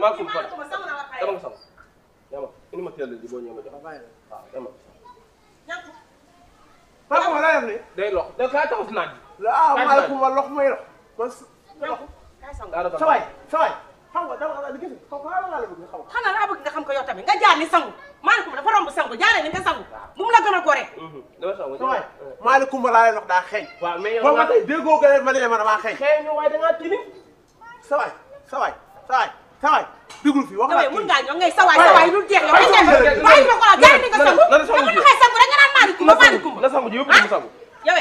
maa ko fa dama nga sama dama ini ma teel di boo ñëw ma jox waaw dama papa ma laa def ni day lox da kaa taxaw si naaj bi ah maaleykum ma lox may lox man lox sa waay sa waay xam nga dama la gis ko ko la la bëgg nga xam xanaa laa bëgg nga xam ko yow tamit nga jaar ni sangu maaleykum dafa romb sangu jaaree ni nga sangu bu mu la gën a gore mm-hmm. dama sangu sa waay maaleykum ma laa lox daa xeeñ waaw mais yow ma tey déggoo gën a ma ne ma damaa xeeñ xeeñ waaye da ngaa tini sa waay sa waay sa waay sawaay dugul fii wax la mun ngaa ñëw ngay sawaay sawaay lu jeex yow ay jëf bàyyi ma ko la jaay ni nga sangu dama la xay sangu rek nga naan maari kumba maari kumba na sangu ji yóbbu mu sangu yow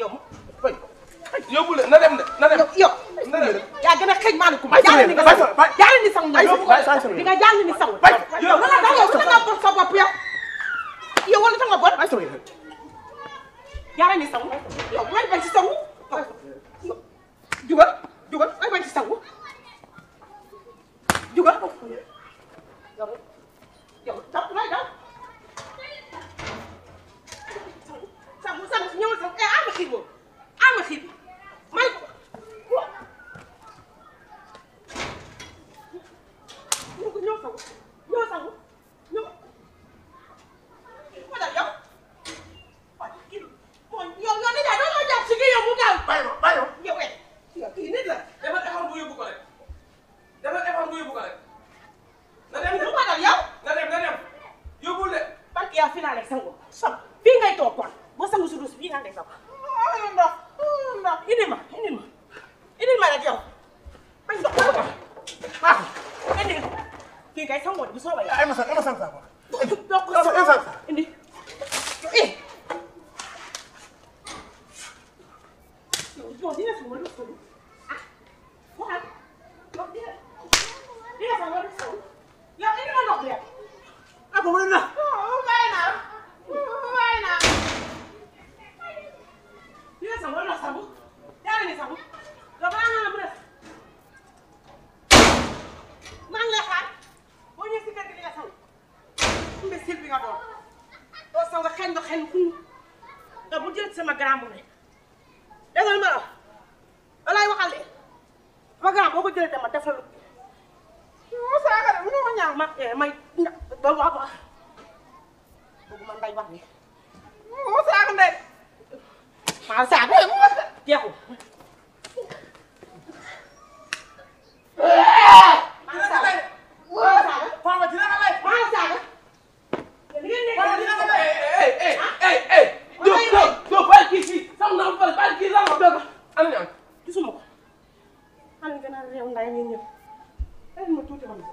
yow yóbbu la na dem de na dem yow yaa gën a xëj maari kumba jaay ni nga sangu jaay ni sangu nga yóbbu ko di nga jaay ni sangu yow wala da yow da nga bon sa bopp yow yow wala da nga bon jaay ni sangu yow mooy bañ si sangu got no fear. Yo, yow jàpp lay daw. Sangu sangu ñëwal sangu eh ama xiir moom ama xiir may ko. Ñu ko ñëw sangu ñëw sangu ñëw. Ko dal yow. Waaye kii yow yow ni daa doon la jàpp si kii yow mu gaaw. doo kon boo sangu su dus bii naa ngay sangu ay ndox ndox indil ma indil ma indil ma rek yow bañ ndox ah. ma waaw indil kii kay sangoo bu soobee ay ma sang ma sang saa ndox ko sang indi eh yow dina suma lu suma imbécile bi nga doon doo sax nga xëy nga xëy xun nga bu jël sama grand bu ne dégal ma la walaay waxal de sama grand boo ko jëlee dama defal mu saaga de mënoo ma ñaaw eh, ma may ba wax ba bëgguma nday wax ni mu saaga nday maa am na gisuma ko. xam nga gën a réew ndaay ñun ñëpp.